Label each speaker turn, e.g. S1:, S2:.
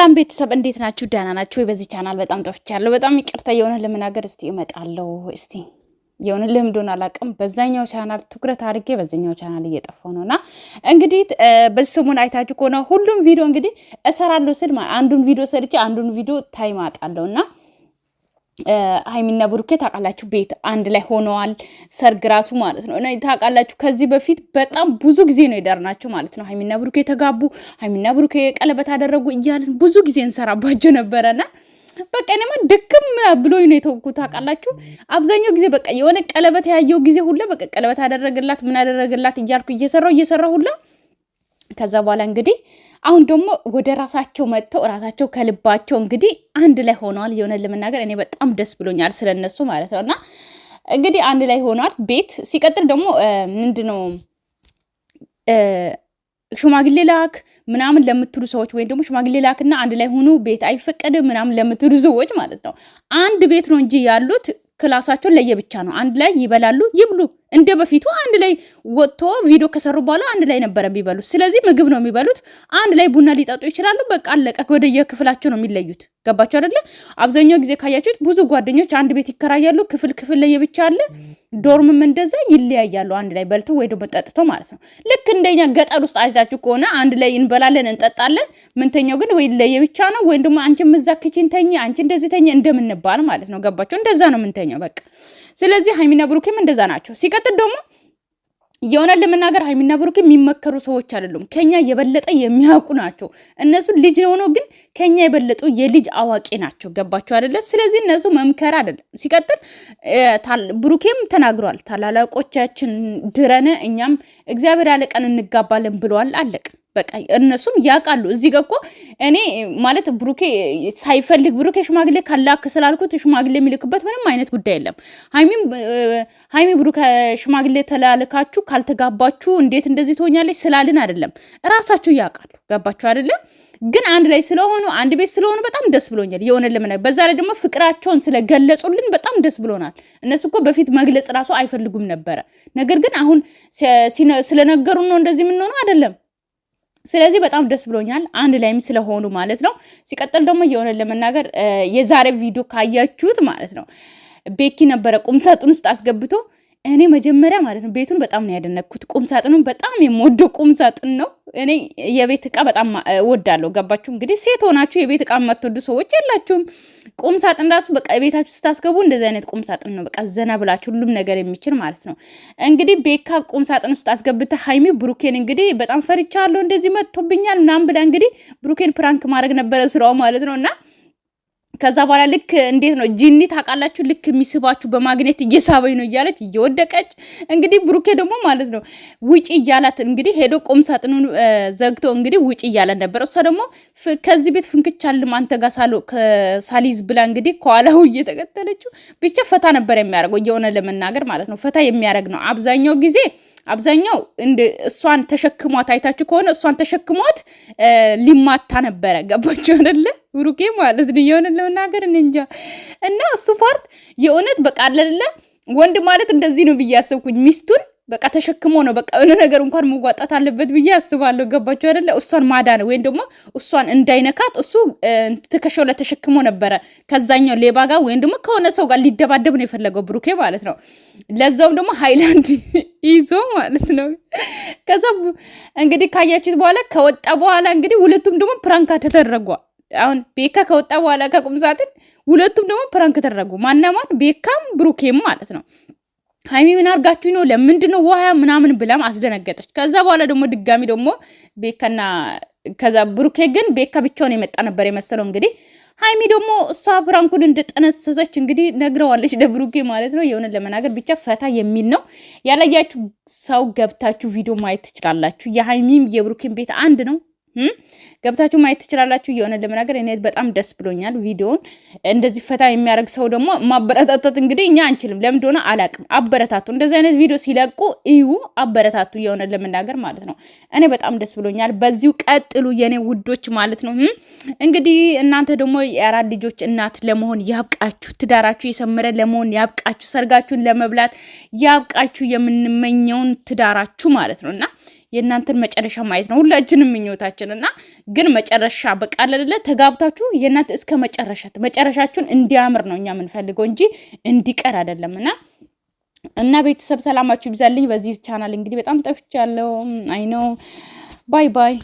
S1: ሰላም ቤተሰብ እንዴት ናችሁ? ደህና ናችሁ ወይ? በዚህ ቻናል በጣም ጠፍቻለሁ። በጣም ይቅርታ የሆነ ለመናገር እስቲ እመጣለሁ። እስቲ የሆነ ልምዶን አላውቅም። በዛኛው ቻናል ትኩረት አድርጌ በዛኛው ቻናል እየጠፋሁ ነው እና እንግዲህ በዚህ ሰሞን አይታችሁ ከሆነ ሁሉም ቪዲዮ እንግዲህ እሰራለሁ ስል አንዱን ቪዲዮ ሰርቼ አንዱን ቪዲዮ ታይም አጣለሁ እና ሀይሚና ብሩኬ ታውቃላችሁ፣ ቤት አንድ ላይ ሆነዋል። ሰርግ ራሱ ማለት ነው ታውቃላችሁ። ከዚህ በፊት በጣም ብዙ ጊዜ ነው የዳርናቸው ማለት ነው። ሀይሚና ብሩኬ ተጋቡ፣ ሀይሚና ብሩኬ ቀለበት አደረጉ እያልን ብዙ ጊዜ እንሰራባቸው ነበረና በቃ እኔማ ድክም ብሎኝ ነው የተውኩት። ታውቃላችሁ አብዛኛው ጊዜ በቃ የሆነ ቀለበት ያየው ጊዜ ሁላ በቃ ቀለበት አደረግላት ምን አደረግላት እያልኩ እየሰራው እየሰራ ሁላ ከዛ በኋላ እንግዲህ አሁን ደግሞ ወደ ራሳቸው መጥተው ራሳቸው ከልባቸው እንግዲህ አንድ ላይ ሆነዋል። የሆነ ለመናገር እኔ በጣም ደስ ብሎኛል ስለነሱ ማለት ነው። እና እንግዲህ አንድ ላይ ሆኗል ቤት ሲቀጥል ደግሞ ምንድን ነው ሽማግሌ ላክ ምናምን ለምትሉ ሰዎች ወይም ደግሞ ሽማግሌ ላክና አንድ ላይ ሆኑ ቤት አይፈቀድም ምናምን ለምትሉ ሰዎች ማለት ነው አንድ ቤት ነው እንጂ ያሉት ክላሳቸውን ለየብቻ ነው። አንድ ላይ ይበላሉ ይብሉ። እንደ በፊቱ አንድ ላይ ወጥቶ ቪዲዮ ከሰሩ በኋላ አንድ ላይ ነበረ የሚበሉት። ስለዚህ ምግብ ነው የሚበሉት፣ አንድ ላይ ቡና ሊጠጡ ይችላሉ። በቃ አለቀ። ወደ የክፍላቸው ነው የሚለዩት። ገባቸው አይደለ? አብዛኛው ጊዜ ካያችሁት ብዙ ጓደኞች አንድ ቤት ይከራያሉ። ክፍል ክፍል ለየብቻ አለ፣ ዶርምም እንደዛ ይለያያሉ። አንድ ላይ በልተው ወይ ደግሞ ጠጥተው ማለት ነው። ልክ እንደኛ ገጠር ውስጥ አይታችሁ ከሆነ አንድ ላይ እንበላለን፣ እንጠጣለን። ምንተኛው ግን ወይ ለየብቻ ነው ወይም ደግሞ አንቺ ምዛ ክችን ተኝ፣ አንቺ እንደዚህ ተኝ እንደምንባል ማለት ነው። ገባቸው? እንደዛ ነው ምንተኛው በቃ ስለዚህ ሀይሚና ብሩኬም እንደዛ ናቸው። ሲቀጥል ደግሞ የሆነ ለመናገር ሀይሚና ብሩኬ የሚመከሩ ሰዎች አይደሉም። ከኛ የበለጠ የሚያውቁ ናቸው። እነሱ ልጅ ሆኖ ግን ከኛ የበለጡ የልጅ አዋቂ ናቸው። ገባቸው አይደለ? ስለዚህ እነሱ መምከር አይደለም። ሲቀጥል ብሩኬም ተናግሯል። ታላላቆቻችን ድረነ እኛም እግዚአብሔር ያለቀን እንጋባለን ብለዋል። አለቅ በቃ እነሱም ያውቃሉ። እዚህ ጋር እኮ እኔ ማለት ብሩኬ ሳይፈልግ ብሩኬ ሽማግሌ ካላክ ስላልኩት ሽማግሌ የሚልክበት ምንም አይነት ጉዳይ የለም። ሀይሚ ብሩኬ ሽማግሌ ተላልካችሁ ካልተጋባችሁ እንዴት እንደዚህ ትሆኛለች ስላልን አይደለም፣ እራሳችሁ ያውቃሉ። ገባችሁ አይደለም? ግን አንድ ላይ ስለሆኑ አንድ ቤት ስለሆኑ በጣም ደስ ብሎኛል። የሆነ ለምን በዛ ላይ ደግሞ ፍቅራቸውን ስለገለጹልን በጣም ደስ ብሎናል። እነሱ እኮ በፊት መግለጽ ራሱ አይፈልጉም ነበረ። ነገር ግን አሁን ስለነገሩ ነው እንደዚህ የምንሆነው አይደለም ስለዚህ በጣም ደስ ብሎኛል አንድ ላይም ስለሆኑ ማለት ነው። ሲቀጥል ደግሞ የሆነ ለመናገር የዛሬ ቪዲዮ ካያችሁት ማለት ነው ቤኪ ነበረ ቁምሳጥን ውስጥ አስገብቶ እኔ መጀመሪያ ማለት ነው ቤቱን በጣም ነው ያደነኩት። ቁም ሳጥኑን በጣም የምወደ ቁም ሳጥን ነው። እኔ የቤት እቃ በጣም ወዳለሁ። ገባችሁ እንግዲህ ሴት ሆናችሁ የቤት እቃ የማትወዱ ሰዎች የላችሁም። ቁም ሳጥን ራሱ በቃ ቤታችሁ ስታስገቡ እንደዚህ አይነት ቁም ሳጥን ነው በቃ ዘና ብላችሁ ሁሉም ነገር የሚችል ማለት ነው። እንግዲህ ቤካ ቁም ሳጥን ውስጥ አስገብተ ሀይሚ ብሩኬን እንግዲህ በጣም ፈርቻለሁ እንደዚህ መጥቶብኛል ምናምን ብላ እንግዲህ ብሩኬን ፕራንክ ማድረግ ነበረ ስራው ማለት ነው እና ከዛ በኋላ ልክ እንዴት ነው ጂኒ ታውቃላችሁ፣ ልክ የሚስባችሁ በማግኘት እየሳበኝ ነው እያለች እየወደቀች እንግዲህ ብሩኬ ደግሞ ማለት ነው ውጪ እያላት እንግዲህ ሄዶ ቁም ሳጥኑን ዘግቶ እንግዲህ ውጪ እያላት ነበር። እሷ ደግሞ ከዚህ ቤት ፍንክቻልም አንተ ጋር ሳሊዝ ብላ እንግዲህ ከኋላው እየተከተለችው ብቻ ፈታ ነበር የሚያደርገው እየሆነ ለመናገር ማለት ነው። ፈታ የሚያደርግ ነው አብዛኛው ጊዜ አብዛኛው እንደ እሷን ተሸክሟት አይታችሁ ከሆነ እሷን ተሸክሟት ሊማታ ነበረ። ገባችሁ አይደለ? ብሩኬ ማለት ነው የሆነ ለመናገር እንጃ። እና እሱ ፓርት የእውነት በቃ አለለ ወንድ ማለት እንደዚህ ነው ብዬ አሰብኩኝ ሚስቱን በቃ ተሸክሞ ነው በቃ የሆነ ነገር እንኳን መዋጣት አለበት ብዬ አስባለሁ። ገባችሁ አይደለ? እሷን ማዳን ወይም ደግሞ እሷን እንዳይነካት እሱ ትከሻው ላይ ተሸክሞ ነበረ ከዛኛው ሌባ ጋር ወይም ደግሞ ከሆነ ሰው ጋር ሊደባደብ ነው የፈለገው ብሩኬ ማለት ነው። ለዛውም ደግሞ ሃይላንድ ይዞ ማለት ነው። ከዛ እንግዲህ ካያችሁት በኋላ ከወጣ በኋላ እንግዲህ ሁለቱም ደግሞ ፕራንካ ተደረጓል። አሁን ቤካ ከወጣ በኋላ ከቁም ሳጥን ሁለቱም ደግሞ ፕራንክ ተደረጉ። ማናማን ቤካም ብሩኬም ማለት ነው። ሀይሚ ምን አድርጋችሁ ነው ለምንድን ነው ውሃ ምናምን ብላም አስደነገጠች። ከዛ በኋላ ደግሞ ድጋሚ ደግሞ ቤካና ከዛ ብሩኬ ግን ቤካ ብቻውን የመጣ ነበር የመሰለው እንግዲህ ሀይሚ ደግሞ እሷ ብራንኩን እንደጠነሰሰች እንግዲህ ነግረዋለች ለብሩኬ ማለት ነው። የሆነ ለመናገር ብቻ ፈታ የሚል ነው። ያላያችሁ ሰው ገብታችሁ ቪዲዮ ማየት ትችላላችሁ። የሀይሚም የብሩኬን ቤት አንድ ነው። ገብታችሁ ማየት ትችላላችሁ። እየሆነ ለመናገር እኔ በጣም ደስ ብሎኛል። ቪዲዮን እንደዚህ ፈታ የሚያደርግ ሰው ደግሞ ማበረታታት እንግዲህ እኛ አንችልም። ለምን እንደሆነ አላቅም። አበረታቱ። እንደዚህ አይነት ቪዲዮ ሲለቁ እዩ፣ አበረታቱ። እየሆነ ለመናገር ማለት ነው። እኔ በጣም ደስ ብሎኛል። በዚሁ ቀጥሉ የኔ ውዶች ማለት ነው። እንግዲህ እናንተ ደግሞ የአራት ልጆች እናት ለመሆን ያብቃችሁ። ትዳራችሁ የሰመረ ለመሆን ያብቃችሁ። ሰርጋችሁን ለመብላት ያብቃችሁ። የምንመኘውን ትዳራችሁ ማለት ነው እና የእናንተን መጨረሻ ማየት ነው ሁላችንም ምኞታችን እና ግን መጨረሻ በቃለለ ተጋብታችሁ የእናንተ እስከ መጨረሻት መጨረሻችሁን እንዲያምር ነው እኛ የምንፈልገው እንጂ እንዲቀር አይደለም እና እና ቤተሰብ ሰላማችሁ ይብዛልኝ። በዚህ ቻናል እንግዲህ በጣም ጠፍቻለሁ። አይ ነው። ባይ ባይ